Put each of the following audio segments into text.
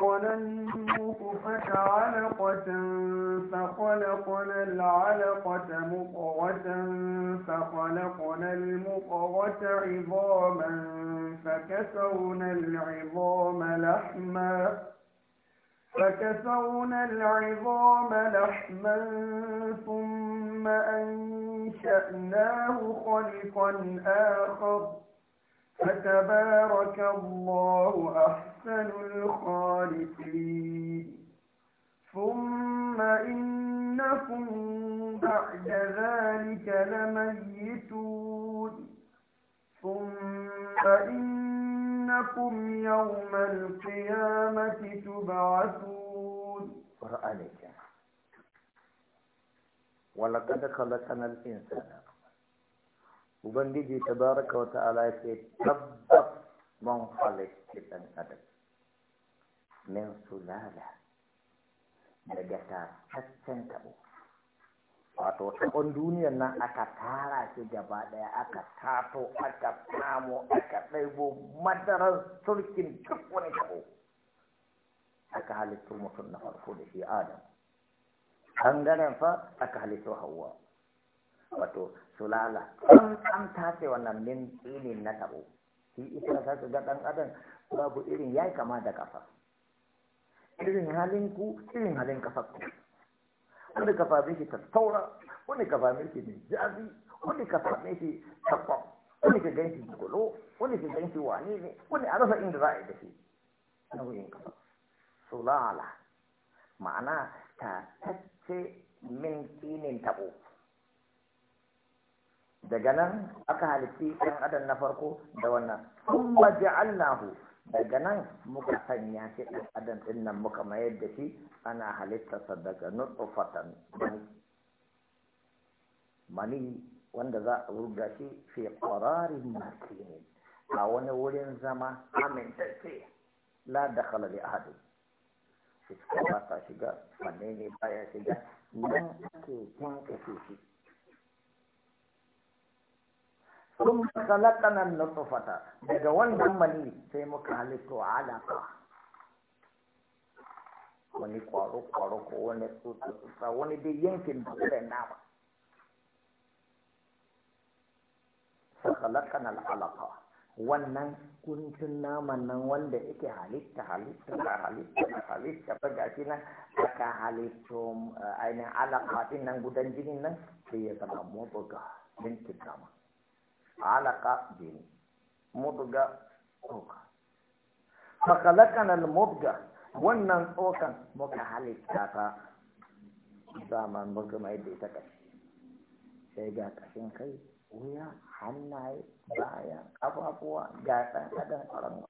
خلقنا النطفة علقة فخلقنا العلقة مقرة فخلقنا المقرة عظاما فكسونا العظام لحما فكسونا العظام لحما ثم أنشأناه خلقا آخر فتبارك الله أحسن الخالقين ثم إنكم بعد ذلك لميتون ثم إنكم يوم القيامة تبعثون قرآن ولقد خلقنا الإنسان ubangiji tabaraka wa ta'ala ya ce tabbas man halitta ɗan adam min sulala daga tataccen tabo wato tabon duniyar nan aka tara shi gaba ɗaya aka tato aka samo aka ɗaibo madarar sulkin duk wani tabo aka halittu mutum na farko da shi adam ɓangaren fa aka halittu hawa wato sulala an mm. an tace wannan min tsinin na tabo shi isa za ga dan adam babu irin yayi kama da kafa irin halin ku irin halin kafa ku wani kafa mai shi tattaura wani kafa mai shi jazi wani kafa mai shi takwam wani ka ganshi golo wani ka ganshi wane ne wani a rasa inda za a yi da shi nau'in kafa sulala ma'ana ta tace min tsinin tabo daga nan aka halitti ɗan adam na farko da wannan kuma ja'alnahu daga nan muka sanya shi ɗan adam ɗin nan muka mayar da shi ana halittarsa daga nutsufatan mani mani wanda za a ruga shi fi ƙwararin makini a wani wurin zama amintacce la da kalali ahadu iska ba ta shiga wanne ne baya shiga nan ake kyankashe shi ثم na tsofata daga wannan mani sai muka halitto alaka wani kwaro kwaro ko wani tsotsa wani dai yankin da kuma nama sai khalaqana alaka wannan kuntun naman nan wanda yake halitta halitta ka halitta halitta ba ga shi nan aka halitto ainihin alaƙa ɗin nan gudan jinin nan sai ya zama motsa ga yankin kama. alaka jini mudga tsoka fakalakan al-mudga wannan tsokan muka halitta ka zaman muka mai da ita kashi sai ga kashin kai wuya hannaye baya ƙafafuwa ga ɗan adam ƙaramin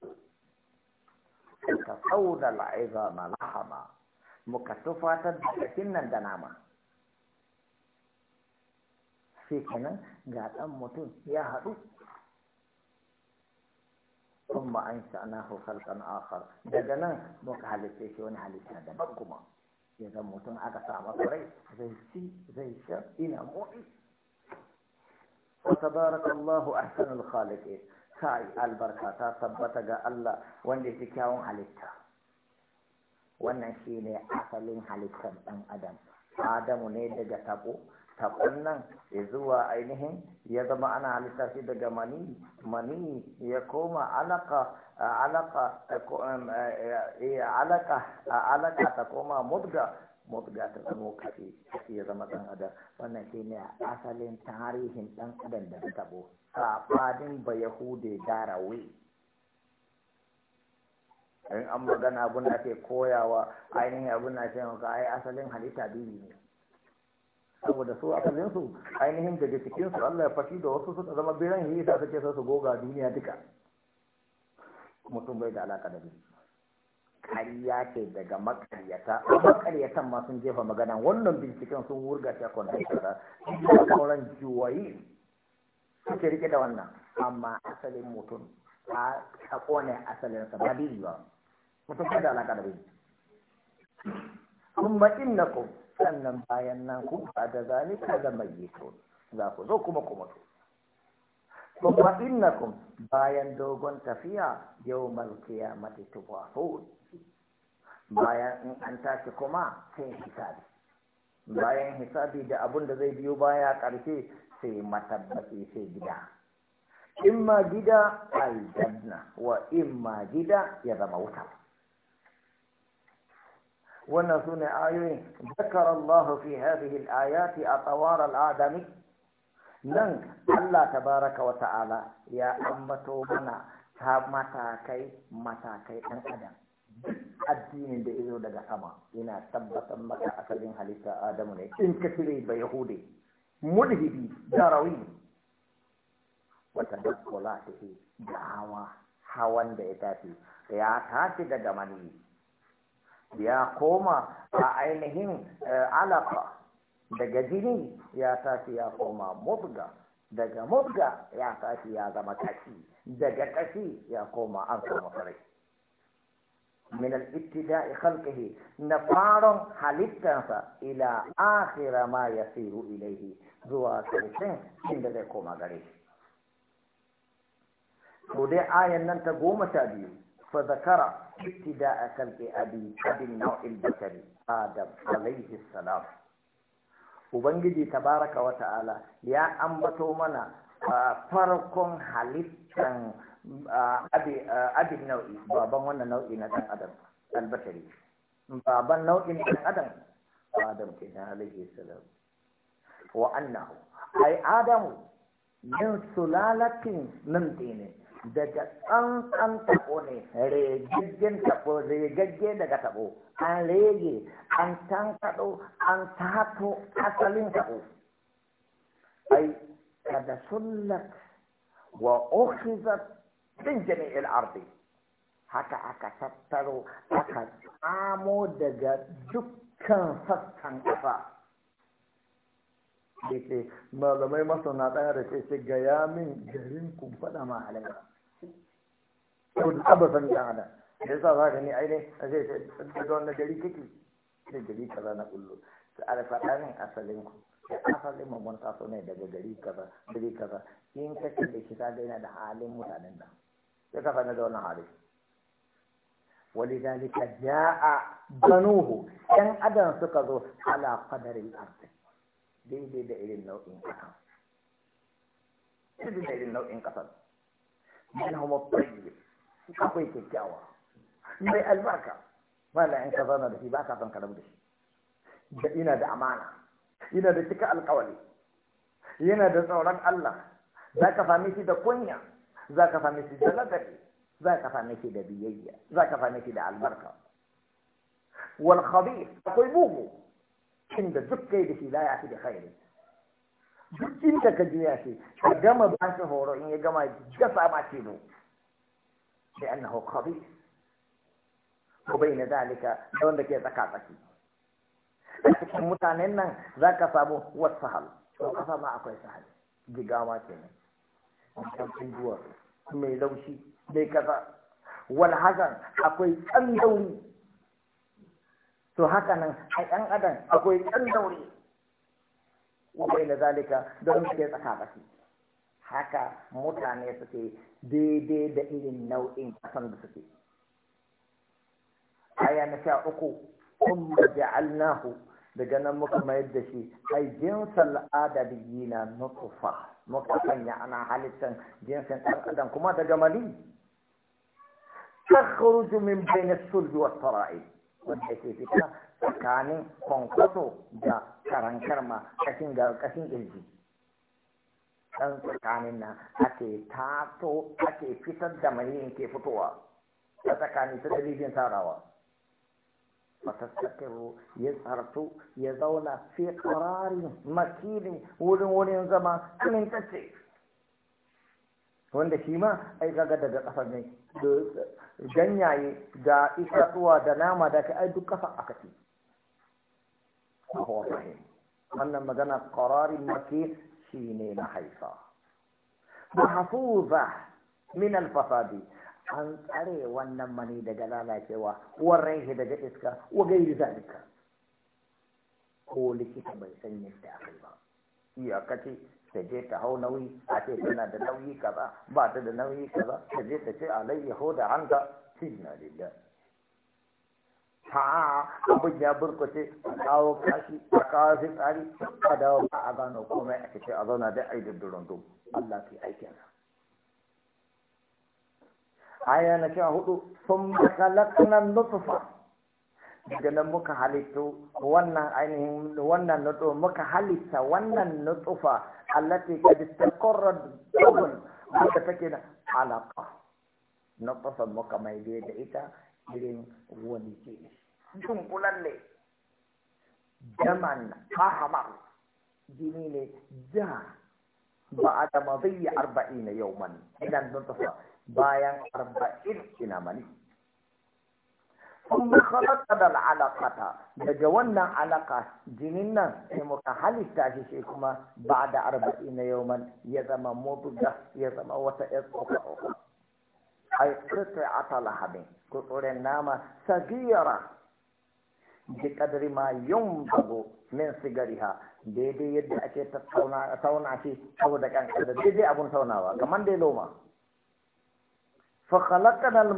ka sau da la'iza na lahama muka tufatar da kashin nan da nama sai kenan ga dan mutum ya haɗu. kuma an sha na ko kalkan akhar daga nan mukallafi shi wani halitta da ban kuma ya mutum aka sa masa rai zai ci zai sha ina mu'i wa tabarakallahu ahsanul khaliqi sai albarakata tabbata ga Allah wanda yake kyawun halitta wannan shine asalin halittar ɗan adam adamu ne daga tabo taɓon nan ya zuwa ainihin ya zama ana halitta daga mani mani ya koma alaka alaka alaka alaka ta koma mudga mudga ta zama kafi ya zama ɗan adam wannan shi ne asalin tarihin ɗan adam da ta taɓo saɓanin ba yahude darawe in an magana abun da ke koyawa ainihin abun da ke ai asalin halitta biyu ne saboda su asalinsu su ainihin daga cikin su Allah ya fashi da wasu suka zama biran yi da suke su goga duniya duka mutum bai da alaka da biyu kariya ce daga makaryata makaryatan ma sun jefa magana wannan binciken sun wurga shi a kwantar sauran juwayi suke rike da wannan amma asalin mutum a kone asalin sa ba biyu ba mutum bai da alaka da biyu kuma innakum sannan bayan nan ku ba da zalika da mayyitun za ku zo kuma ku mutu kuma innakum bayan dogon tafiya yawmal qiyamati tubafun bayan in an tashi kuma sai hisabi bayan hisabi da abun da zai biyo baya karshe sai matabbaci sai gida imma gida aljanna wa imma gida ya zama wuta wannan sune ayoyin zakarallahu fi hadhihi al-ayati atwar al-adami nan Allah tabaraka wa ta'ala ya ambato mana ta matakai matakai ɗan adam addinin da izo daga sama yana tabbatar maka asalin halitta adamu ne in ka cire ba yahudi mulhidi darawi wata dakkula ta da hawa hawan da ya tafi ya tashi daga maniyi ya koma a ainihin eh, alaka daga jini ya tashi ya koma mubga daga mubga ya tashi ya zama kashi daga kashi ya koma an koma sarai min al-ibtida'i khalqihi na faron halittansa ila akhira ma ya yasiru ilayhi zuwa karshen inda zai koma gari. shi ayan nan ta goma ta biyu فذكر ابتداء خلق أبي أبي النوع البشري آدم عليه السلام Ubangiji tabaraka wa ta'ala ya ambato mana farkon halittan abin nau'i baban wannan nau'i na ɗan adam albashari baban nau'in ɗan adam adam ke na alaihi salam wa annahu ai adamu min sulalatin nan daga tsantsan taɓo ne regaggen taɓo regagge daga taɓo an rege an tankaɗo an tato asalin taɓo ai kada sullat wa ukhizat min jami'il ardi haka aka tattaro aka tsamo daga dukkan sassan ƙasa da ke malamai masana ɗaya da ce ga min garin kun faɗa ma saboda san dan adam da yasa za ka ni a zai da gari na kullu su a asalin ku da asalin mamman taso ne daga gari kaza gari kaza da kisa da yana da halin mutanen nan sai ka fana da wannan halin ولذلك جاء بنوه كان أدن zo على قدر الأرض دي دي دي إلي النوء إنكسر دي دي إلي النوء إنكسر منهم الطيب akwai kyakkyawa mai albarka wala in kaza na da shi ba ka son ka da shi da ina da amana ina da cika alkawali yana da tsoron Allah za ka same shi da kunya za ka same shi da ladabi za ka same shi da biyayya za ka same shi da albarka wal khabir akwai bugu inda duk kai da shi la ya fi da khairi duk inda ka je ya ka gama ba shi horo in ya gama gasa ma ce لأنه خبيث وبين ذلك لون بك يتكاتك لكن متعنين ذاك سابو هو وقفا ما أكوي سهل جيغاواتي mutum abubuwa mai laushi mai kaza wal hazan akwai ɗan dauri to haka nan a ɗan adam akwai ɗan dauri ko bai na zalika don su ke tsaka tsaki haka mutane suke daidai da irin nau'in kasan da suke aya na sha uku kun alnahu daga nan muka mayar da shi ai jinsan adabi na nutfa muka sanya ana halittan jinsin ɗan kuma daga mali takhruju min bayna as-sulbi wasu sarai wanda ke fita tsakanin kwankwaso da karankarma kashin ga kashin ɗan tsakanin nan ake tato ake fitar da maniyin ke fitowa a tsakani ta dalilin sarawa ya يظهر يزول في قرار مكين ولن wurin زما من تسي wanda shi ma ai kaga daga kasar ne ganyaye da itatuwa da nama da ka ai duk kasa A ce wannan magana qararin makin shine ne mahaifa mahfuza min al-fasadi an tsare wannan mani daga lalacewa warren shi daga iska wa gairi zalika ko likita bai san yadda akai ba iyakace ta je ta hau nauyi a ce tana da nauyi kaza ba ta da nauyi kaza ta je ta ce alayyahu da hanga shi na lillahi ta abin ya burkace a kawo kashi a kawo fitsari a dawo ba a gano komai a cikin a zauna da ai duddurin dum Allah ke aikin sa aya na sha hudu sun makalakanan nutufa daga nan muka halittu wannan ainihin wannan nutufa muka halitta wannan nutufa allati kad takarrad dubun wanda take da alaqa nutufan muka mai da ita irin wani ke dunkulalle Jaman ahamar jini ne ja ba a da mazi arba'in na yau mani idan don tafa bayan arba'in ina mani kuma halatta da ta, daga wannan alaka jinin nan sai muka halitta shi shi kuma ba da arba'in na yau man ya zama mutuga ya zama wata ya tsoka ai kirkir atala habin kutsuren nama sagiyara bi kadari ma yun bago min sigari ha daidai yadda ake tauna shi saboda kan daidai abun taunawa kamar dai loma fa khalaqana al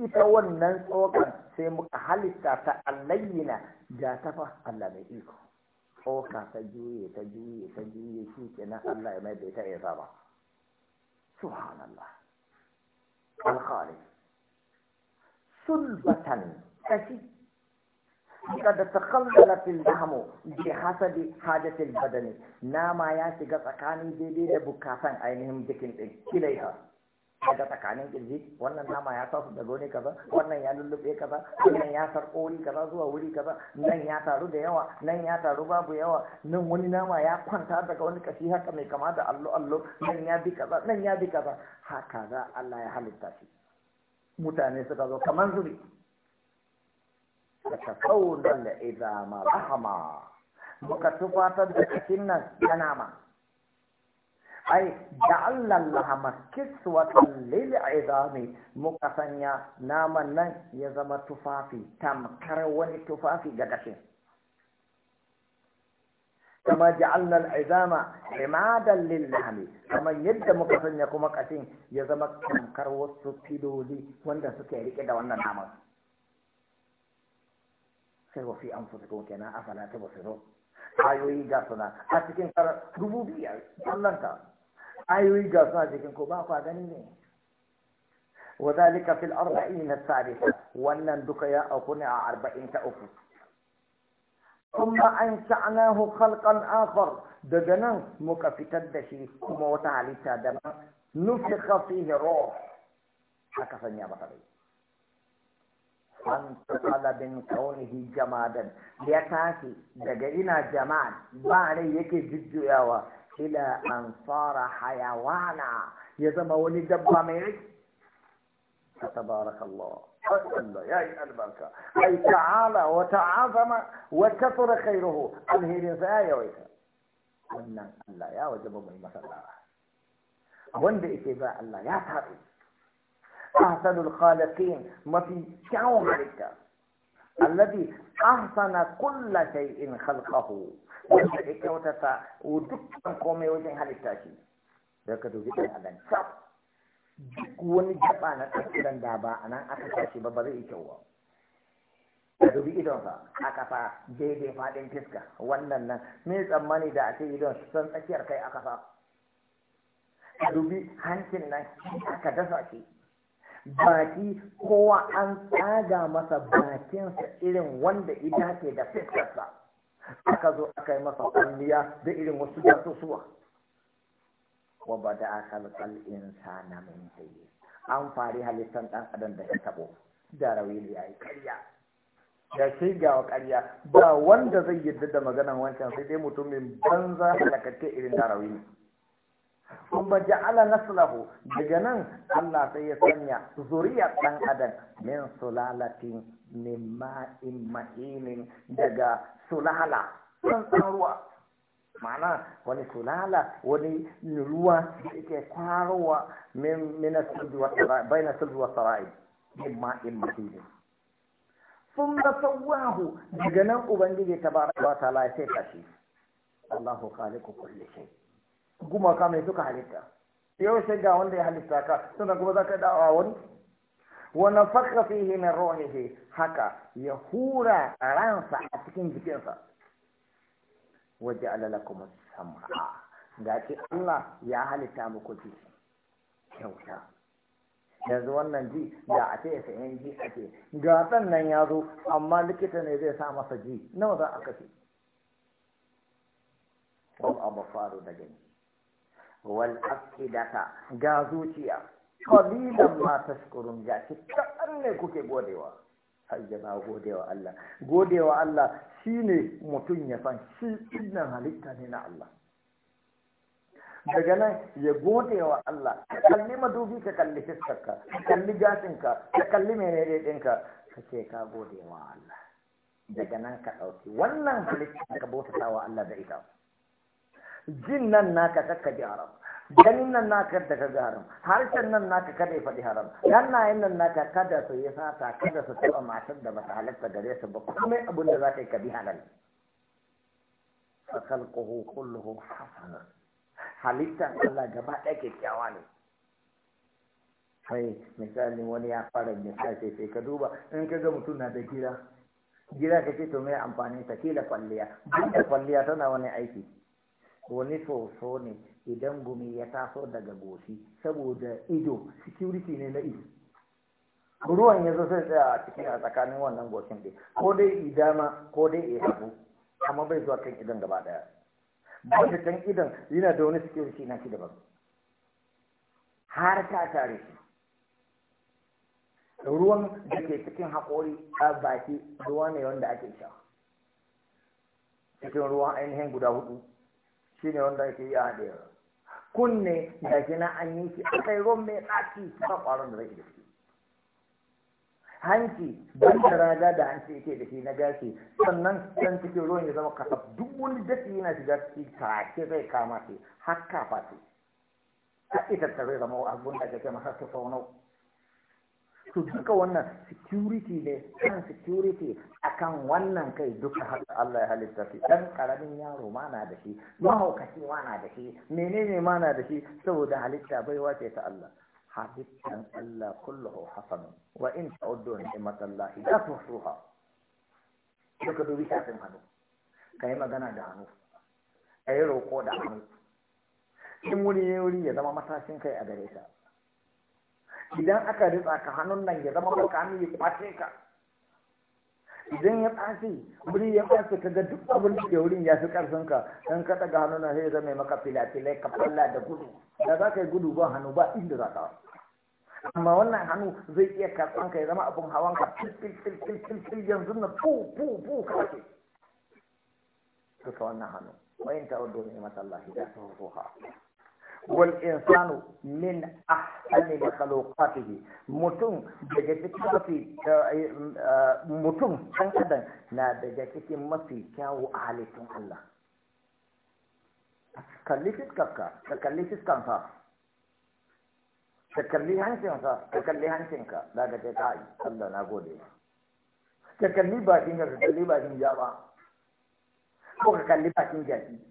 ita wannan tsokan sai muka halitta ta allayyina da ta fa Allah mai iko tsoka ta juye ta juye ta juye shi nan Allah ya mai da ita yasa saba subhanallah al-khaliq sulbatan kashi da قد تخللت اللحم بحسب badani. البدن نما ya shiga تسكاني daidai da bukatan ainihin jikin din ilaiha daga tsakanin kirji wannan nama ya tasu da gone kaza wannan ya lullube kaza wannan ya sarko wuri kaza zuwa wuri kaza nan ya taru da yawa nan ya taru babu yawa nan wani nama ya kwanta daga wani kashi haka mai kama da allo allo nan ya bi kaza nan ya bi kaza haka za Allah ya halitta shi mutane suka zo kaman zuri تتفوضا إذا ما رحما مكتفاتا بحكمنا كناما أي جعل اللهم كسوة للعظام مكسنيا ناما يزم تفافي تمكر ولتفافي جدشين كما جعلنا العظام عمادا للحم كما يد مكسنيا كمكسين يزم تمكر سكيري كده ركدا وننامس sai wa fi anfusikum kana afala tabsiru ayoyi ga suna a cikin kar rububiyar Allah ka ayoyi ga suna cikin ko ba ku gani ne وذلك في الأربعين الثالثة وأن دكيا أكون أربعين تأفو ثم أنشأناه خلقا آخر دجنا مكفتا دشي كما وتعالي تادما نفخ فيه روح هكذا نيابة طبيعي وانتقل من كونه جمادا ليتاكي دقائنا جماد باني يكي جدو يوا إلى أن صار حيوانا يزم ولي دبا ميعي فتبارك الله يا يا البركة أي تعالى وتعاظم وكثر خيره الهير رزايا ويكا wannan الله يا وجبه من mai masa wanda yake يا Allah ahsanul khaliqin mafi kyawun halitta alladhi ahsana kulla shay'in khalqahu wanda ya kyautata dukkan komai wajen halitta shi da ka dubi dan adam duk wani jaba na tsakiran da ba a nan aka tashi ba ba zai kyau ba ka dubi idonsa a kafa daidai faɗin fiska wannan nan me tsammani da a ce don san tsakiyar kai a kafa dubi hankin nan aka dasa shi baki kowa an tsaga masa bakinsa irin wanda ita ke da fitarsa aka zo aka yi masa kwalliya da irin wasu jasusuwa wa ba da akalkal insana min tayi an fari halittar ɗan adam da ya taɓo da rawili ya yi karya da shaigawa karya ba wanda zai yarda da maganan wancan sai dai mutumin banza halakakke irin da rawili ba ja'ala naslahu daga nan Allah sai ya sanya zuriyar ɗan adam min sulalatin min ma'in ma'inin, daga sulala tsantsan ruwa ma'ana wani sulala wani ruwa da yake kwarowa min min sulbi wa sarai min ma'in ma'inin. sun da sauwahu daga nan ubangiji ta ba ta'ala sai kashi Allahu khaliqu kulli shay' gumaka mai suka halitta yau sai ga wanda ya halitta ka suna kuma za ka da'awa wani wani fakka fihi min ruhihi haka ya hura ransa a cikin jikinsa waje kuma sam'a ga ce Allah ya halitta muku ji kyauta yanzu wannan ji da a ce sayan ji ake ga nan ya zo amma likita ne zai sa masa ji nawa za a kashe wal faru da gani wal afidata ga zuciya qalilan ma tashkurun ga shi ne kuke godewa sai jama'a godewa Allah godewa Allah shine mutum ya san shi dinnan halitta ne na Allah daga nan ya godewa Allah ka kalli madubi ka kalli fiskarka ka kalli gashin ka kalli menene ɗinka ka ce ka gode Allah daga nan ka ɗauki wannan halitta ka bautawa Allah da ita jin nan naka kakka ji haram ganin nan naka da ka ga haram harshen nan naka kada ya faɗi haram hannayen nan naka kada su yi sata kada su taɓa matar da ba ta halatta gare su ba kuma abin da za ka yi ka bi halal fakalƙuhu kulluhu hasana Halitta, Allah gaba ɗaya kyakkyawa ne sai misali wani ya fara misali sai ka duba in ka ga mutum na da gida gida ka ce to mai amfani ta kila kwalliya duk da kwalliya tana wani aiki wani soso ne idan gumi ya taso daga goshi saboda ido security ne na ido ruwan ya zo sai tsaya a cikin a tsakanin wannan goshin ɗin ko dai i dama ko dai i hagu amma bai zuwa kan idan gaba daya ba da can idan yana da wani security na shi daban har ta tare shi ruwan da ke cikin haƙori a baki ruwa ne wanda ake sha cikin ruwan ainihin guda hudu shi ne wanda ake yi a haɗewa kunne da gina an yi shi aka yi ruwan mai tsaki ba kwaron da zai da shi hanci ban da raga da hanci yake da shi na gashi sannan can cikin ruwan ya zama kasaf duk wani dafi yana shiga ciki take zai kama shi har kafa ce Ta ita ta zai zama abun da ake kai masa tafaunau to duka wannan security ne kan security akan wannan kai duka haka Allah ya halitta shi dan karamin yaro ma na da shi mahaukaci ma na da shi menene ma na da shi saboda halitta baiwa ce ta Allah halittan Allah kulluhu hasan wa in ta'uddu Allah la tuhsuha duka dubi shafin hannu kai magana da hannu ayi roko da hannu in wuri ne wuri ya zama matashin kai a gare sa idan aka ritsa ka hannun nan ya zama baka hannu ya kwace ka idan ya ɓace wuri ya ɓace ka ga duk abin da ke wurin ya fi karfin ka dan ka daga hannun nan sai ya zama maka filafilai ka falla da gudu da za ka yi gudu ba hannu ba inda za ka amma wannan hannu zai iya karɓan ka ya zama abin hawan ka filfilfilfil yanzu na fu fu fu ka wannan hannu wayin ta'udu ne masallaci da tuhuha والإنسان من أحسن مخلوقاته متون دجاجك مفي آه، آه، متون تنكدا نا دجاجك مفي كاو عالتون الله تكليسيس كاكا تكليسيس كاكا تكلي هانسين كا تكلي هانسين كا لا دجاجك آي الله نقولي تكلي باكين تكلي باكين جابا تكلي باكين جابا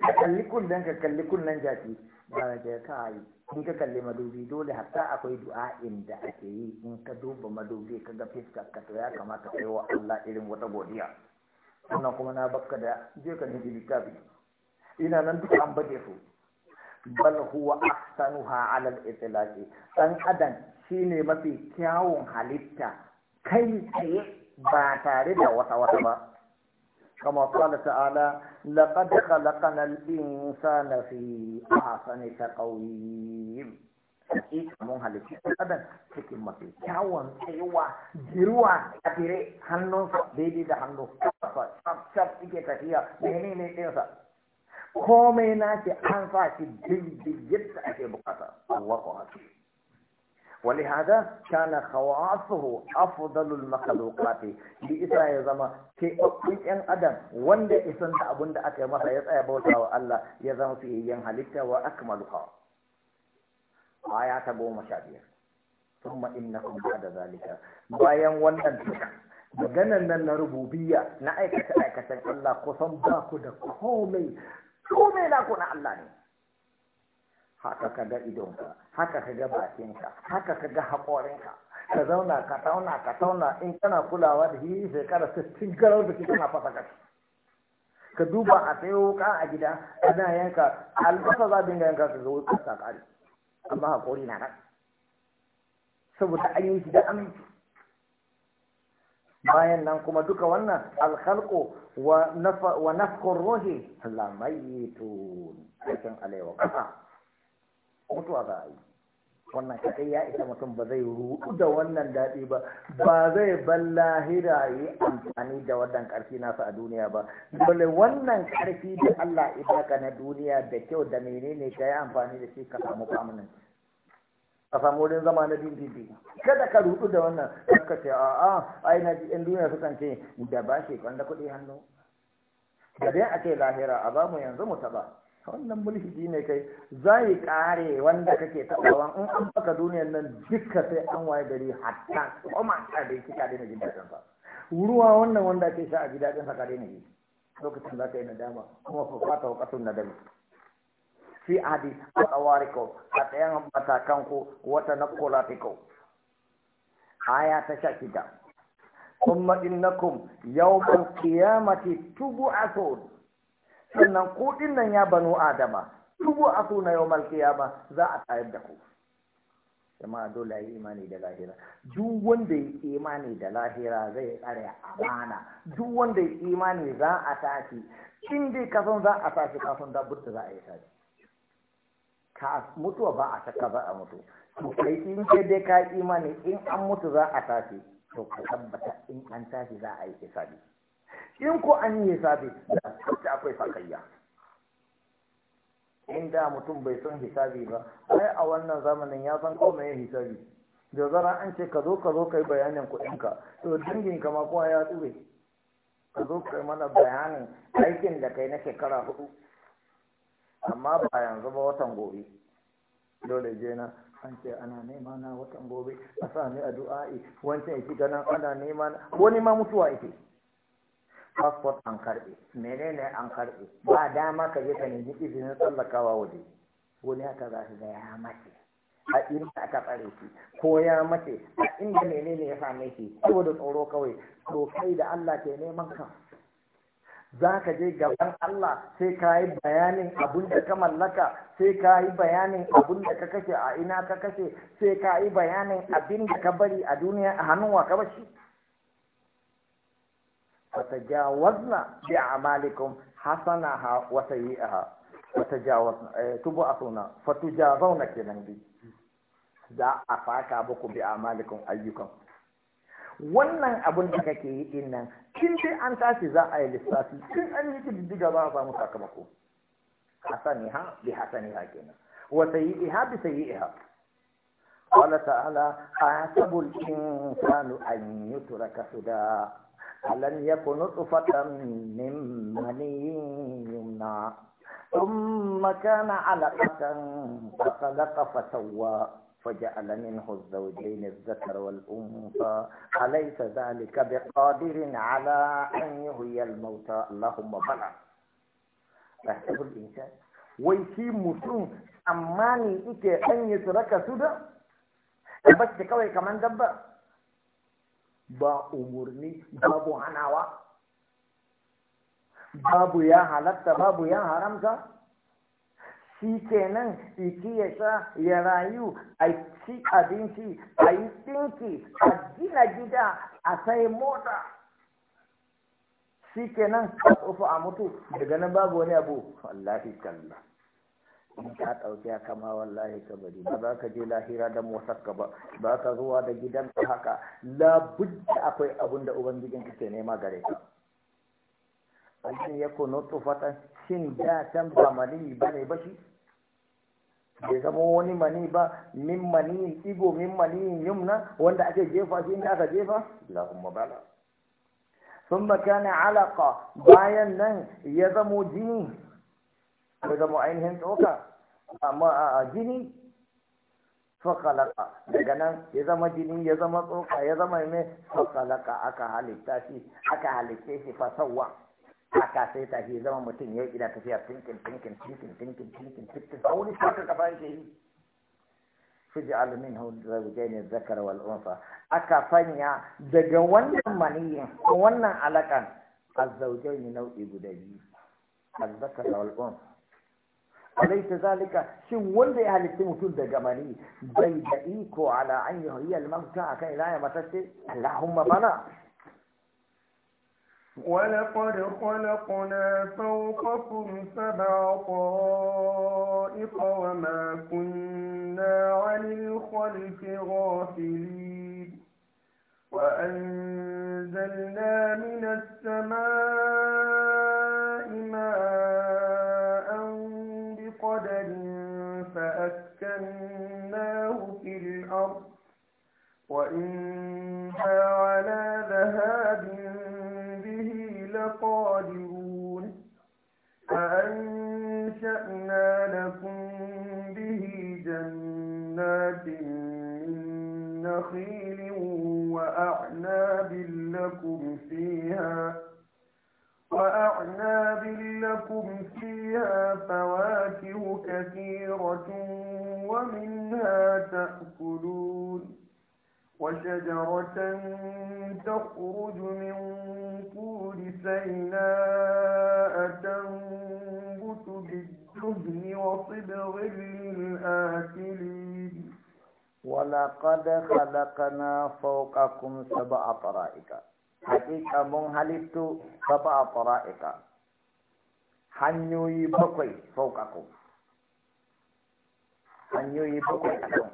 ka kalli kunnen ka kalli kunnen jaki ba da ka yi in ka kalli madubi dole hatta akwai du'a'in da ake yi in ka duba madubi ka ga fiskar ka to ya kamata kai wa Allah irin wata godiya sannan kuma na bakka da je ka nemi littafi ina nan duka an bade su bal huwa ahsanuha ala al-itlaq dan adam shine mafi kyawun halitta kai tsaye ba tare da wata wata ba كما قال تعالى لقد خلقنا الإنسان في أحسن تقويم ita mun halittu kadan cikin mafi kyawun tsayuwa giruwa a dire hannunsa daidai da hannu kafa cap-cap ike tafiya mene ne ɗinsa komai na ke an sa shi dindin yadda ake buƙata? wakon ولهذا كان خواصه افضل المخلوقات لإسرائيل يا زما كي ان ادم وند اسن ده ابوند اكاي مسا يا تsaya bauta wa Allah ya zama su yin halitta wa akmaluha aya ta goma sha biyar thumma innakum ba'da zalika bayan wannan maganan nan na biya na aikata aikatan Allah kusan ba da komai komai na na Allah ne haka ka ga idonka haka ka ga bakinka haka ka ga haƙorinka ka zauna ka tauna ka tauna in kana kulawa da shi shekara sittin garau da kana fasa ka ka duba a tsayo ka a gida ana yanka albasa za dinga yanka ka ga wuka ta kare amma haƙori na nan saboda an yi shi da aminci bayan nan kuma duka wannan alkhalqu wa nafkur ruhi la mayitun alaiwa ƙasa. mutuwa za a yi wannan kaɗai ya isa mutum ba zai rudu da wannan daɗi ba ba zai ban lahira yi amfani da wannan ƙarfi nasa a duniya ba dole wannan ƙarfi da Allah ibaka na duniya da kyau da menene ka yi amfani da shi ka samu kamunan a samu wurin zama na dindindi kada ka rudu da wannan ka ce a'a ai na ji yan duniya sukan ce da ba shi kwanda kuɗi hannu da dai a ce lahira a mu yanzu mu taɓa wannan mulhidi ne kai Za yi kare wanda kake tabawa in an baka duniyar nan duka sai an waye gari hatta koma a da yake kare na jin daɗin sa ruwa wannan wanda ke sha a ji daɗin sa kare ne lokacin za ka yi nadama kuma ko fata wa na dami fi adi a ko a tsayan matakan matakanku wata na ko. aya ta sha shida kuma innakum tubu a tub'athun sannan ku nan ya banu adama tubu a suna yau malkiyama za a tayar da ku jama'a dole ya yi imani da lahira duk wanda ya imani da lahira zai tsare amana duk wanda ya imani za a tashi in dai san za a tashi da dabbata za a yi tashi ka mutuwa ba a taka ba a mutu to kai in ce dai ka imani in an mutu za a tashi to ka tabbata in an tashi za a yi tashi in ko an yi hisabi da kacce akwai fakayya in da mutum bai san hisabi ba ai a wannan zamanin ya san kome ya hisabi da zara an ce ka zo ka zo kai bayanin kuɗinka to dangin ka ma kowa ya tsube ka zo kai mana bayanin aikin da kai na shekara hudu amma ba yanzu ba watan gobe dole je na an ce ana nema na watan gobe a sa ni a wancan ya shiga nan ana nema wani ma mutuwa yake passport an karbe menene an karɓe ba dama ka je ka nemi izinin tsallakawa waje wani haka za su ga ya mace a inda aka tsare shi ko ya mace a inda menene ya same shi saboda tsoro kawai to kai da Allah ke neman ka za ka je gaban Allah sai ka yi bayanin abun da ka mallaka sai ka yi bayanin abun da ka kashe a ina ka kashe sai ka yi bayanin abin da ka bari a duniya a hannun wa ka bashi وتجاوزنا بأعمالكم حسنها وسيئها وتجاوزنا تبعثونا فتجاوزونا كنندي za a faka muku bi amalikun ayyukan wannan abin da kake yi din nan kin dai an tashi za a yi lissafi kin an yi diga za a samu sakamako ha, bi ha kenan wa sayyi'iha bi sayyi'iha qala ta'ala ahasabul insanu an yutraka suda ألم يكن نطفة من مني يمنع ثم كان علقة فخلق فسوى فجعل منه الزوجين الذكر والأنثى أليس ذلك بقادر على أن يهي الموتى اللهم بلى أحسب الإنسان ويشي مسلم أماني إيكي أن يترك سدى بس كوي كمان دبّا ba umurni babu hanawa babu ya halatta babu ya haramta shi kenan iki ya sha ya rayu a ci abinci a yi ɗinki a gina gida a sai mota Shikenan kenan a tsofa a mutu daga nan babu wani abu wallahi kallah in ka ɗauki a kama wallahi kabari ba za ka je lahira da motsarka ba ba ka zuwa da gidan ka haka labudda akwai abin da ubangijin ka ke nema gare ka an ya kuno tufata shin da can ba mani ba ne ba shi bai zama wani mani ba min mani igo min mani yumna wanda ake jefa shi inda aka jefa lahumma bala sun makana alaka bayan nan ya zamo jini ko zama ainihin tsoka amma a jini fakalaka daga nan ya zama jini ya zama tsoka ya zama mai fakalaka aka halitta shi aka halitta shi fasawa aka sai ta shi zama mutum ya ida tafiya tinkin tinkin tinkin tinkin tinkin tinkin a wani shaka kafa yake yi su ji alumin ne zakar wal unsa aka sanya daga wannan maniyin wannan alakan azzaujaini nau'i guda biyu zakar wal unsa أليس ذلك شو ولد أهل التموتون ده جمالي بيدئيكو على عينه هي الموتى كان لا يمتسي اللهم بنا ولقد خلقنا فوقكم سبع طائق وما كنا عن الخلق غافلين وأنزلنا من السماء وإنا على ذهاب به لقادرون فأنشأنا لكم به جنات من نخيل وأعناب لكم فيها وأعناب لكم فيها فواكه كثيرة ومنها تأكلون وشجرة تخرج من طول سيناء تنبت بالدهن وصبغ للآكلين ولقد خلقنا فوقكم سبع طرائق حقيقة من هلت سبع طرائق hanyoyi بقي فوقكم hanyoyi بقي أكم.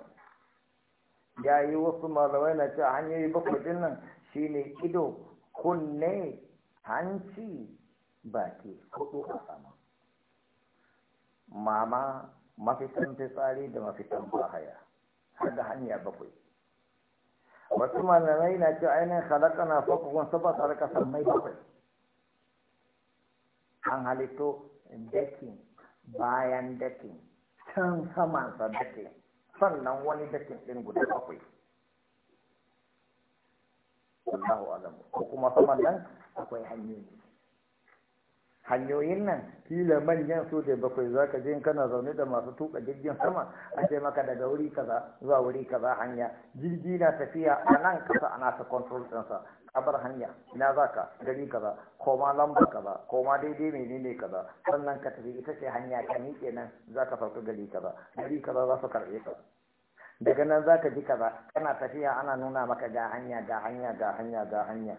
ya yi wasu malamai na cewa hanyoyi bakwai din nan shine ido kunne hanci baki hudu a sama mama mafitan fitsari da mafitan bahaya har da hanya bakwai wasu malamai na cewa ainihin halaka na fakon saba tare kasar mai bakwai an halitto dakin bayan dakin can samansa dakin sannan wani dakin ɗin guda bakwai Allahu alamu ko kuma saman nan akwai hanyoyi hanyoyin nan kila manyan su da bakwai za ka je kana zaune da masu tuka jirgin sama a ce maka daga wuri kaza zuwa wuri kaza hanya jirgi na tafiya a nan kasa ana ta control ɗinsa a bar hanya ina za ka gari kaza ko lamba kaza ko ma daidai menene kaza sannan ka tafi ita ce hanya ka ni nan za ka farko gari kaza gari kaza za su karɓe ka daga nan za ka ji kaza kana tafiya ana nuna maka ga hanya ga hanya ga hanya ga hanya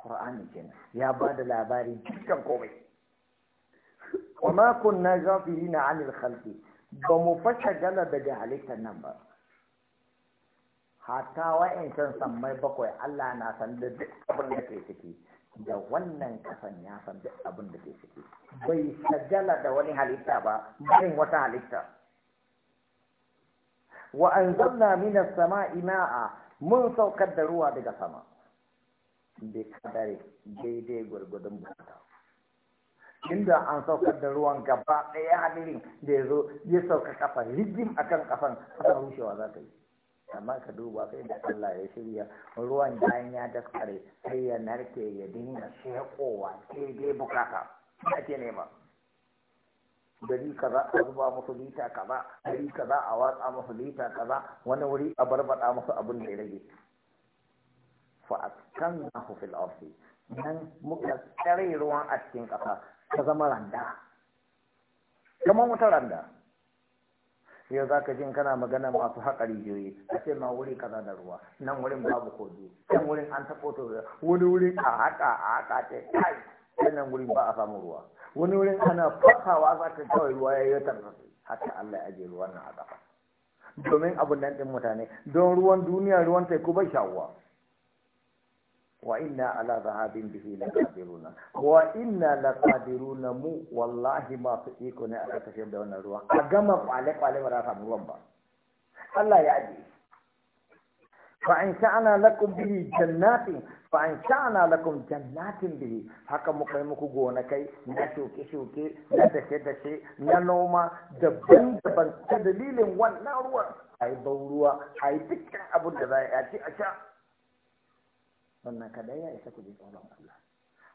Qur'ani kenan ya ba da labari dukkan komai wa ma kunna ghafilina 'anil khalqi ba mu fasha gala daga halittar nan ba hatta can sammai bakwai Allah na san da duk abin da ke ciki da wannan kasan ya san duk abin da ke ciki bai sajala da wani halitta ba barin wata halitta wa anzalna minas sama'i ma'a mun saukar da ruwa daga sama bai kadare daidai gwargwadon bukata inda an saukar da ruwan gaba ɗaya hadirin da ya zo ya sauka kafa rigim akan kafan kasar rushewa za ta yi amma ka duba sai da Allah ya shirya ruwan bayan ya daskare sai ya narke ya dinga shekowa daidai bukata ake nema dari kaza a zuba masu lita kaza dari kaza a watsa musu lita kaza wani wuri a barbada musu abin da ya rage fa askannahu fil ardi nan muka tsare ruwan a cikin kasa ta zama randa kamar wata randa sai za ka jin kana magana masu haƙa rijiyoyi a ce ma wuri kaza da ruwa nan wurin babu kogi can wurin an taɓo to wani wurin a haƙa a haƙa ce kai sai nan wurin ba a samu ruwa wani wurin ana fasawa za ka kawai ruwa ya yi tarfasa haka Allah ya ajiye ruwan nan a ƙafa domin abun nan ɗin mutane don ruwan duniya ruwan teku bai shawuwa وإنا على ذهاب به لقادرون وإنا لقادرون مو والله ما تقيكنا على تشرب دون الروح أجمع عليك وعليك ولا تمرون الله يعدي فأنشأنا لكم به جنات فأنشأنا لكم جنات به هكا مقيمكو غونكي نشوكي شوكي ندشي دشي ننوما دبن دبن تدليل والنار أي ضوروا أي ذكر أبو الدبائي أتي أشاء wannan kadai ya isa ku ji tsoron Allah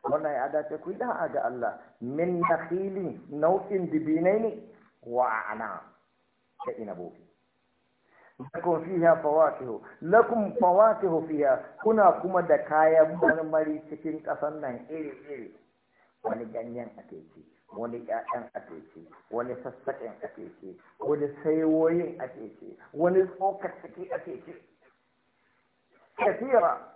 wannan ya dace ku yi da'a ga Allah min nakhili nau'in dibinai ne wa ana da bofi. lakum fiya fawatihu lakum fawatihu fiya kuna kuma da kayan marmari cikin ƙasar nan iri iri wani ganyen a ci wani ƴaƴan a ci wani sassaƙen a ci wani saiwoyin a ci wani tsokar ciki a ci kafira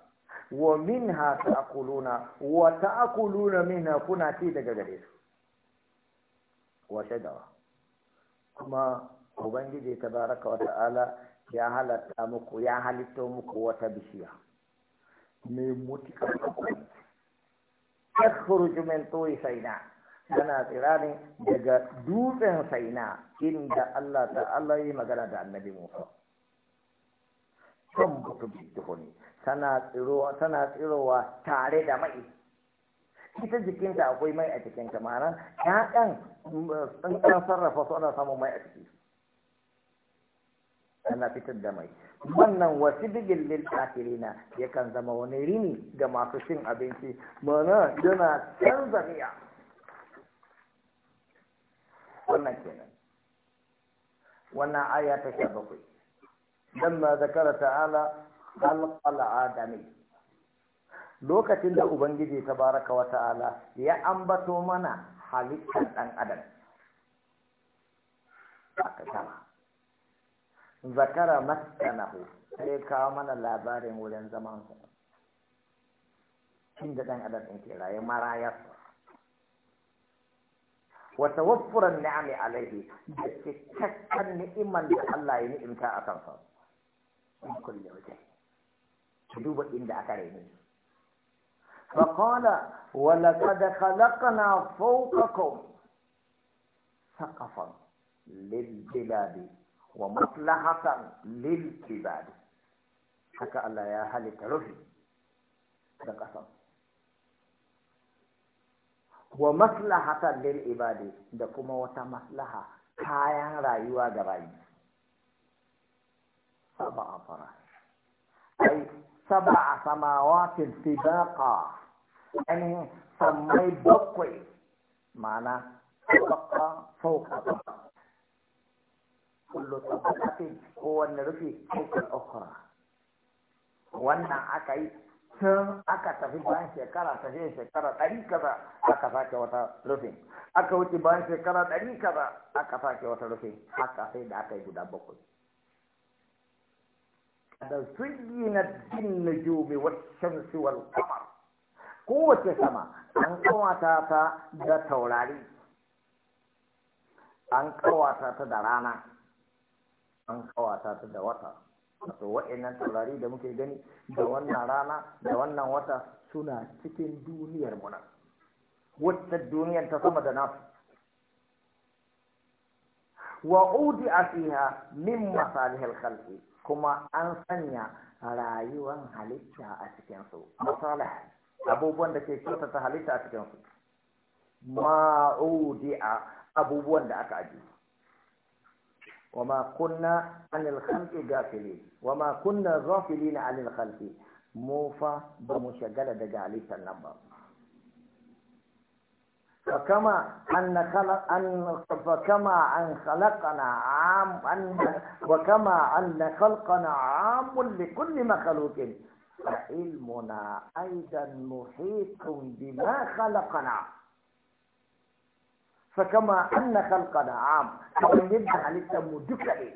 wa minha ta'kuluna wa ta'kuluna minha kuna ci daga gare su wa shajara kuma ubangiji tabaraka wa ta'ala ya halatta muku ya halitta muku wata bishiya mai mutuka takhruju min toyi saina yana tsira daga dutsen saina inda Allah ta'ala yi magana da annabi Musa kan mutu bidduhuni tana tsirowa tana tsirowa tare da mai ita jikinta akwai mai a cikinta ma'ana ƴaƴan sun mm, ɗan sarrafa su ana samun mai a ciki ana fitar da mai wannan wasu bigin lil kafirina yakan zama wani rini ga masu cin abinci mana yana canza miya wannan kenan wannan aya ta sha bakwai lamma zakara ta'ala khalqal adami lokacin da ubangiji tabaraka wa ta'ala ya ambato mana halittar dan adam aka kama zakara maskanahu sai kawo mana labarin wurin zaman sa da dan adam din ke raye marayar wa tawaffuran ni'ami alaihi da cikakken ni'imar da Allah ya ni'imta a kansa kullu wajhi ku duba inda aka raine su فقال ولقد خلقنا فوقكم سقفا للبلاد ومصلحة للكباد حكى الله يا هل تعرفي سقفا ومصلحة للعباد ده كما وتا مصلحة كايان رايوا غباي سبع فراش أي سبع سماوات سباقا samai bakwai mana معنى سبق فوق طبق كل rufe هو النرفي فوق wannan aka yi can aka tafi bayan shekara tafi shekara ɗari kaza aka sake wata rufin aka wuce bayan shekara ɗari kaza aka sake wata rufin haka sai da aka yi guda bakwai da zuyinat bin na wash waccan siwal qamar kowace sama an kawata ta da taurari an kawata ta da rana an kawata ta da wata wato wa'annan taurari da muke gani da wannan rana da wannan wata suna cikin duniyar muna wata duniyar ta sama da nasu wa a fiha min masalihil khalqi kuma an sanya rayuwar halitta a cikinsu masala abubuwan da ke kyautata halitta a cikinsu ma'udi'a abubuwan da aka aji wa ma kunna anil khalqi gafili wa ma kunna ghafilina anil khalqi mu fa ba mu shagala daga halittar nan ba فكما أن خلق أن فكما أن خلقنا عام أن وكما أن خلقنا عام لكل مخلوق فعلمنا أيضا محيط بما خلقنا فكما أن خلقنا عام فعلمنا يبقى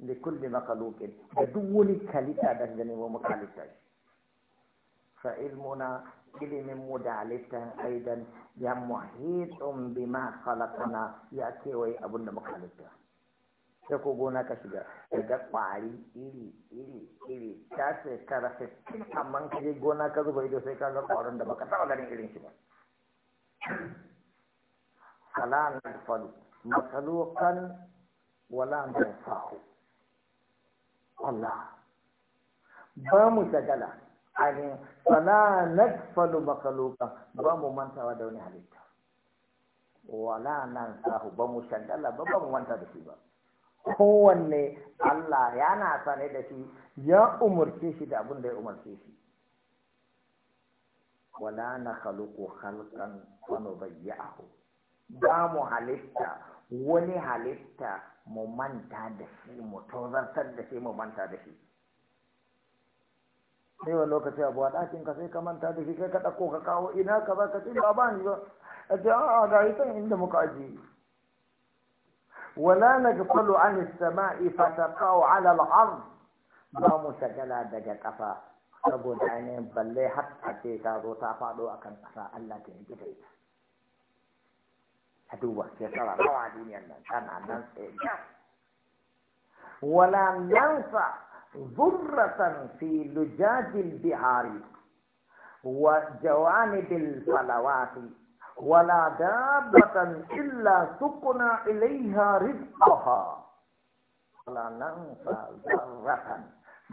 لكل مخلوق بدون كلمة بدون مخلوق فعلمنا ilimin mu da halittar aidan ya muhitsun bi ma khalaqana ya kewaye abin da muka halitta sai ko gona ka shiga daga kwari iri iri iri ta sai ka rasa amma ka je gona ka zuba ido sai ka ga kwarin da baka taba ganin irin shi ba na falu masalukan wala min fahu Allah ba mu shagala ainihin fala falu makaluka ba mu mantawa da wani halitta wala nan sahu ba mu shagala ba ba mu manta da shi ba kowanne Allah yana sane da shi ya umarce shi da abin da ya umarce shi wala na khaluqu khalqan wa ahu ba mu halitta wani halitta mu manta da shi mu tozartar da shi mu manta da shi sai wani lokaci abu a ɗakin ka sai ka manta da shi kai ka ɗauko ka kawo ina ka za ka ce ba ba ni ba a ce a ga yi san inda muka ajiye wala na gafalu an sama'i fataqau ala al-ard ba mu shagala daga kafa saboda ainihin balle har a ce ta zo ta faɗo a kan ƙasa Allah ta yi gida ita. A duba tsara rawa duniyar nan tana nan tsaye. Wala nan sa ضرة في لجاج البعار وجوانب الفلوات ولا دابة إلا سقنا إليها رزقها ولا ننسى ذرة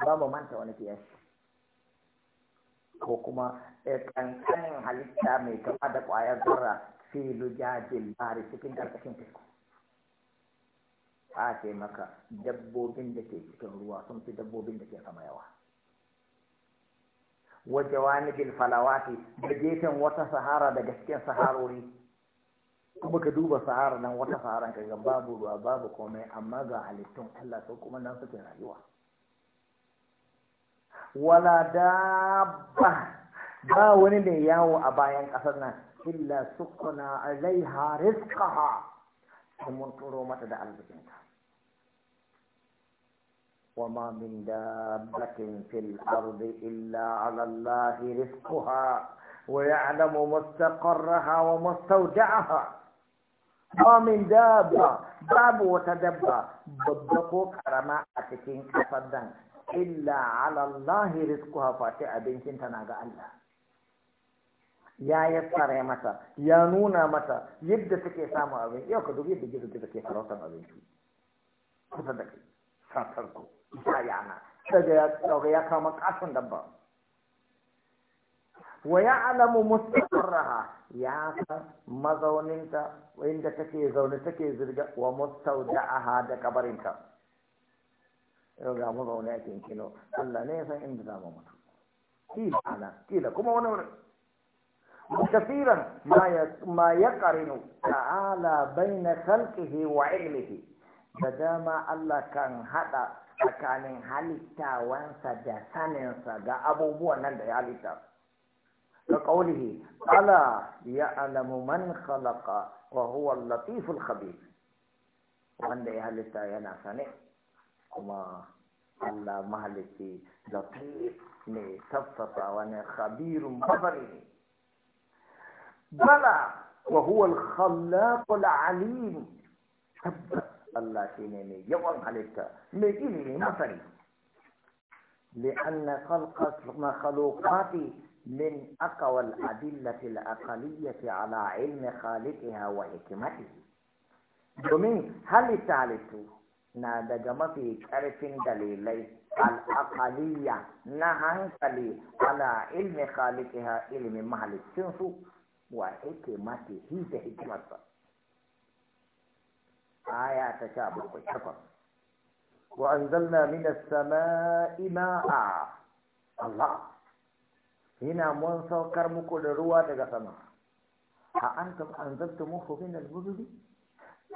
بابا ما انت وانا كياش وكما كان كان حليتها ميكا بعد قوايا ذرة في لجاج البعار سكين كاركشين تسكو a ce maka dabbobin da ke cikin ruwa sun fi dabbobin da ke sama yawa wa jawanibil falawati da gefen wata sahara daga cikin saharori kuma ka duba sahara nan wata sahara ka ga babu ruwa babu komai amma ga halittun Allah sau kuma nan suke rayuwa wala dabba ba wani mai yawo a bayan ƙasar nan illa sukuna alaiha rizqaha sun mun turo mata da arzikinta وما من دابة في الأرض إلا على الله رزقها ويعلم مستقرها ومستودعها ما من دابة باب وتدبى بدقوا كرما أتكين كفدا إلا على الله رزقها فاتي بنت تناغ الله يا يسار يا ya يا نونا yadda يبدأ samun سامو أبين ka dubi da gizo da أبين farautan abinci ويعلم مستقرها يا مزونينتا وين تكي زون تكي زرغا ومستودعها ده قبرينتا يوغا مزون كيلو الله ليس عندنا ممت كي معنا كي لكم ونور كثيرا ما يقرن تعالى بين خلقه وعلمه da dama Allah kan haɗa tsakanin halittawansa da saninsa ga abubuwan nan da ya halitta. Da ƙaunihi, Allah ya alamu man khalaqa wa huwa latiful khabir wanda ya halitta yana sane kuma Allah mahalitti latif ne tabbata wani khabirun babari. ne. Bala wa huwa al-khallaqul alim tabbata الله شيني مي يوم خليك مجيني مصري لأن خلق مخلوقاتي من أقوى الأدلة الأقلية على علم خالقها وحكمته دومين هل تعلتو نا دجما في كارفين الأقلية نهان سلي على علم خالقها علم محل السنسو وحكمته هي حكمته aya ta sha bakwai takwas wa anzalna minas sama'i ma'a Allah Ina mun saukar muku da ruwa daga sama a antum anzaltumuhu min al-muzli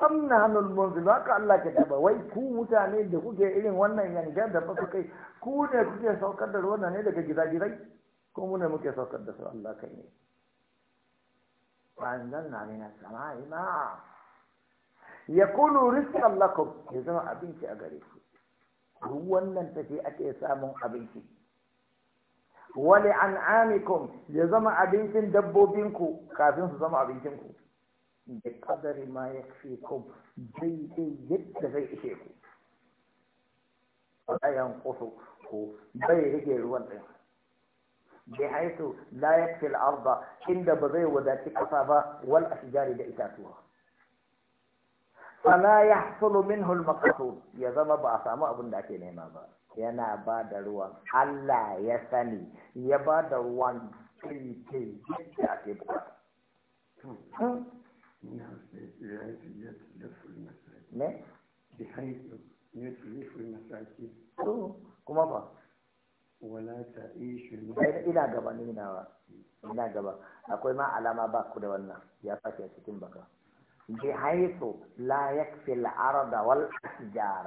am Amna al-munzilu haka Allah ke taba wai ku mutane da kuke irin wannan yangar da ba su kai ku ne kuke saukar da ruwan ne daga gizagizai ko mu ne muke saukar da su Allah kai ne fa anzalna minas sama'i ma'a ya kunu rizqan lakum ya zama abinci a gare su, ruwan nan tafi ake samun abinci wani an'amikum ya zama abincin dabbobinku kafin su zama abincinku da kadari ma ya fi kum daidai yadda zai ishe ku ayan kusu ko bai rage ruwan ɗin bi haitu la yakfi al-arda inda ba zai wadaci ƙasa ba wal ashjari da itatuwa fala ya minhu al holmakatu ya zama ba a samu abin da ake nema ba yana ba da ruwan Allah ya sani ya ba da ruwan kirki da ake bukata ne kuma ba wala ta ina gaba ne ina gaba akwai ma alama ba ku da wannan ya fashe cikin baka بحيث لا يكفي الأرض والأشجار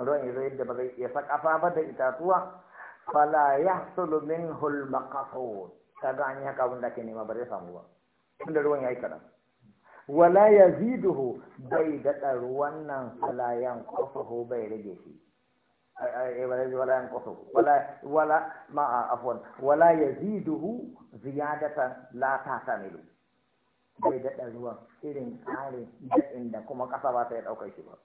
رؤي رؤي بدأ يسقف بدأ إتاتوا فلا يحصل منه المقصود kaga an nema ba zai samu ba inda ruwan yayi wala yaziduhu bai daɗa ruwan nan wala yanqusuhu bai rage shi wala yanqusuhu wala wala ma afwan wala yaziduhu ziyadatan la ta'tamilu bai daɗa ruwa irin tsarin daɗin da kuma ƙasa ba ta ya ɗauka shi ba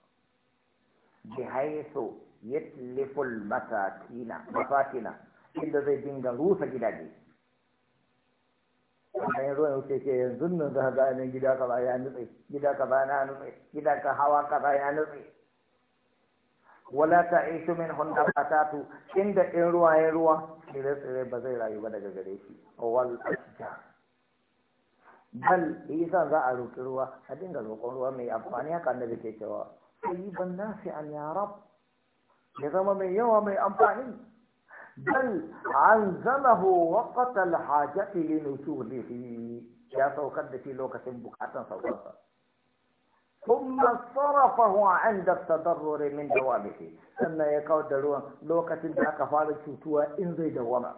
bi haiso ya masatina matatina, inda zai dinga rusa gidaje wannan yanzu ya wuce ke yanzu nan za ga nan gida ka ba ya nutse gida ka ba na nutse gida ka hawa ka ba ya nutse wala ta isu min hunda fatatu inda in ruwa ya ruwa tsire tsire ba zai rayu ba daga gare shi wal ashjar بل إذا ذعروا كروا هدين قالوا قولوا أمي أبغانيا كان نبي كيشوا طيب الناس يعني يا رب إذا ما من بل عنزله وقت الحاجة لنزوله في لوكة بكاتا سوكتا ثم صرفه عند التضرر من جوابه ثم يقول دلوان لوكة بكفالة إن إنزي دوامه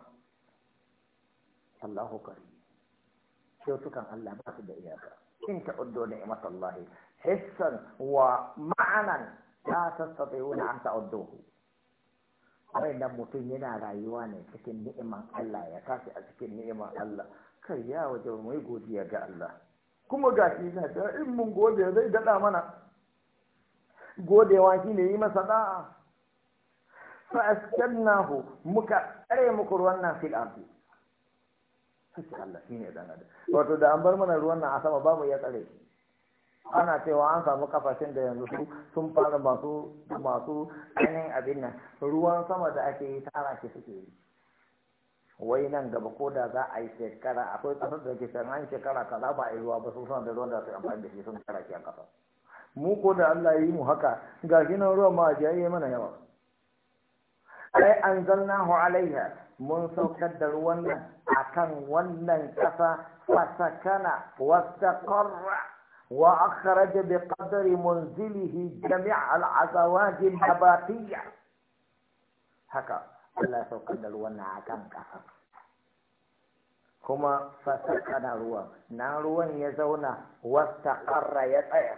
الله كريم kyautukan Allah ba su da iyaka in ne ni'matallahi hissan wa ma'anan sassafe wani an ta'udduhu wannan mutum yana rayuwa ne cikin ni'iman Allah ya tashi a cikin ni'iman Allah kai ya waje mu yi godiya ga Allah kuma ga shi na ta in mun gode zai daɗa mana godewa shine yi masa da'a fa askannahu muka tsare muku ruwan nan fil haka wato da an bar mana ruwan nan a sama ba mu ana cewa an samu kafashin da yanzu su sun fara masu masu ainihin abin nan ruwan sama da ake yi tara shi suke yi wai nan gaba ko da za a yi shekara akwai kasar da ke san an shekara kaza ba a yi ruwa ba sun san da ruwan da su amfani da shi sun tara shi a kasa mu ko da Allah ya yi mu haka ga shi nan ruwan ma a mana yawa ai anzalnahu alaiha mun saukar da ruwan a akan wannan ƙasa fasakana wastaqarra wa akhraja bi mun munzilihi jami' jami'a azawaj jin nabatiyya haka Allah saukar da ruwan a akan ƙasa kuma fasakana ruwan na ruwan ya zauna wastaqarra ya tsaya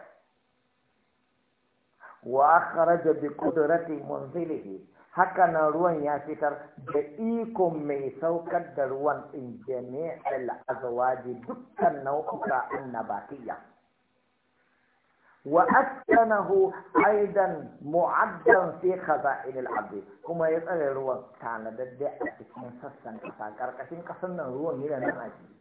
wa da bi mun zilihi haka nan ruwan ya fitar da iko mai saukar da ruwan ɗin jami'il azwaji dukkan nau'uka annabatiya wa askanahu aidan mu'addan fi khaza'in al-abd kuma ya tsare ruwan tanadadde a cikin sassan kasa karkashin kasan nan ruwan yana nan a ciki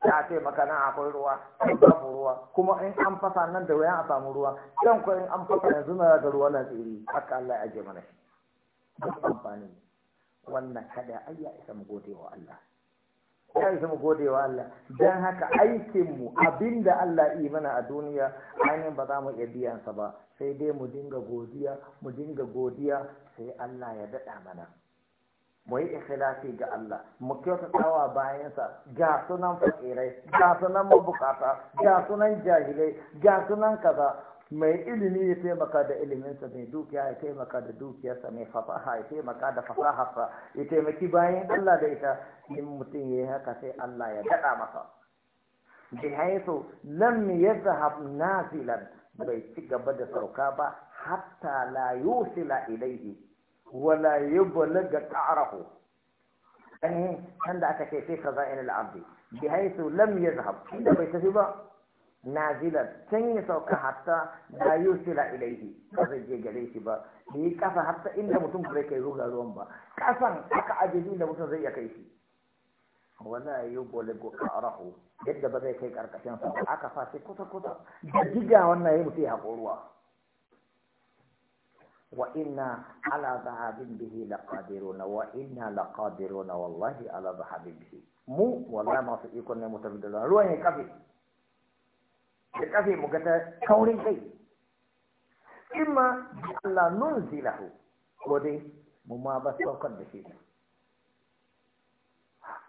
ta ce maka nan akwai ruwa babu ruwa kuma in an fasa nan da wayan a samu ruwa dan ko in an fasa yanzu na da ruwa na tsiri haka Allah ya mana shi duk amfanin wannan kada ai ya isa mu gode wa Allah ya isa mu gode wa Allah dan haka aikin mu abinda Allah yi mana a duniya ainihin ba za mu iya biyan sa ba sai dai mu dinga godiya mu dinga godiya sai Allah ya dada mana mu yi ikhlasi ga Allah mu kyautatawa bayansa ga sunan fakirai ga sunan mabukata ga sunan jahilai ga sunan kaza mai ilimi ya taimaka da iliminsa mai dukiya ya taimaka da dukiyarsa mai fasaha ya taimaka da fasaharsa ya taimaki bayan Allah da ita in mutum ya yi haka sai Allah ya daɗa masa bi haisu lam yazhab nazilan bai ci gaba da sauka ba hatta la yusila ilayhi wala yublagha ta'rahu eh, an kan da aka ce sai kaza'il al-abdi bi haisu lam yazhab inda bai tafi ba nazilar can ya sauka hatta da yusila ilaihi ba zai je gare shi ba yi kasa hatta inda mutum ba zai kai ruga ruwan ba kasan aka ajiye da mutum zai iya kai shi wala yubuligu qarahu yadda ba zai kai karkashin sa aka fashe kusa kusa da diga wannan yayi sai ya ruwa wa inna ala zahabin bihi laqadiruna wa inna laqadiruna wallahi ala zahabin bihi mu wallahi masu ikon ne mutum da ruwan ya kafe ta kafe mu ga kaurin kai in ma bi Allah nun zilahu ko dai mu ma ba saukar da shi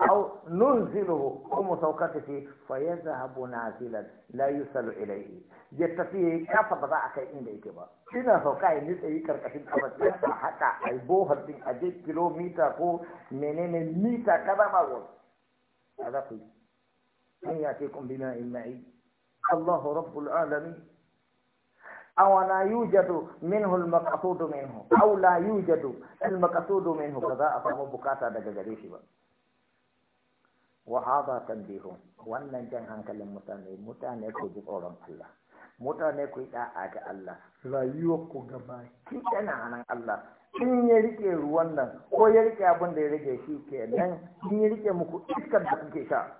au nun zilahu ko mu saukar da shi fa ya zahabu nazilan la yusalu ilayhi ya tafi kafa ba za a kai inda yake ba ina sauka yi tsayi karkashin kafa sai a haka a yi bohar din aje je kilomita ko menene mita kaza ba wani a za ku yi in ya ce kun bi na ilmai Alan yau na yau na jadu min maƙasudu min haula yau na yau na yau na yau ba za a fara buƙata daga garin shi ba. Wannan jan hankali mutane, mutane kudi koron Allah, mutane kudi a aka Allah, rayuwar ko gabaki na hannan Allah. Kin yi rike ruwan nan ko yi rike abun da ya rage shi ke nan kin rike muku kuɗi kan ka sha.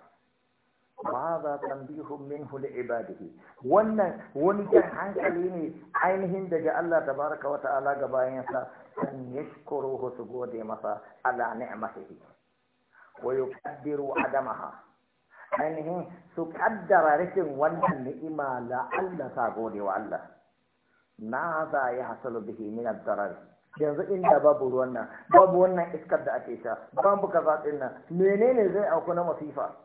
وهذا تنبيه منه لعباده wannan wani jan hankali ne ainihin daga Allah Ta tabaraka wa ta'ala ga bayansa an yashkuruhu su gode masa ala ni'matihi wa yuqaddiru adamaha ainihin su kaddara rashin wannan ni'ima la Allah ta gode wa Allah na za ya hasalu bihi min ad-darar yanzu inda babu ruwan nan babu wannan iskar da ake ta. babu kaza din nan menene zai auku na masifa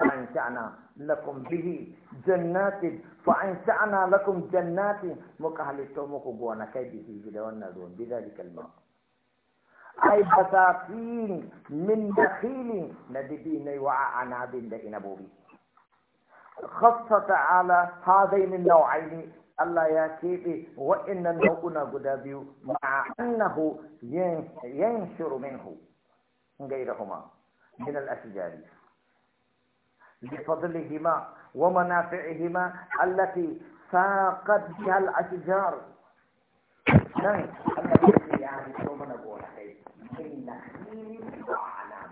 فأنشأنا لكم به جنات فأنشأنا لكم جنات مكهل تومك بوانا كي به جدوان نظون بذلك الماء أي بساطين من دخيل نذبين وعاء عناب دئنا بوبي خصة على هذين النوعين الله يا كيبي وإن النوعنا قدابيو مع أنه ينشر منه غيرهما من الأشجار بفضلهما ومنافعهما التي ساقت بها الأشجار نعم النبي يعني يوم نقول عليه من نخيل وعلى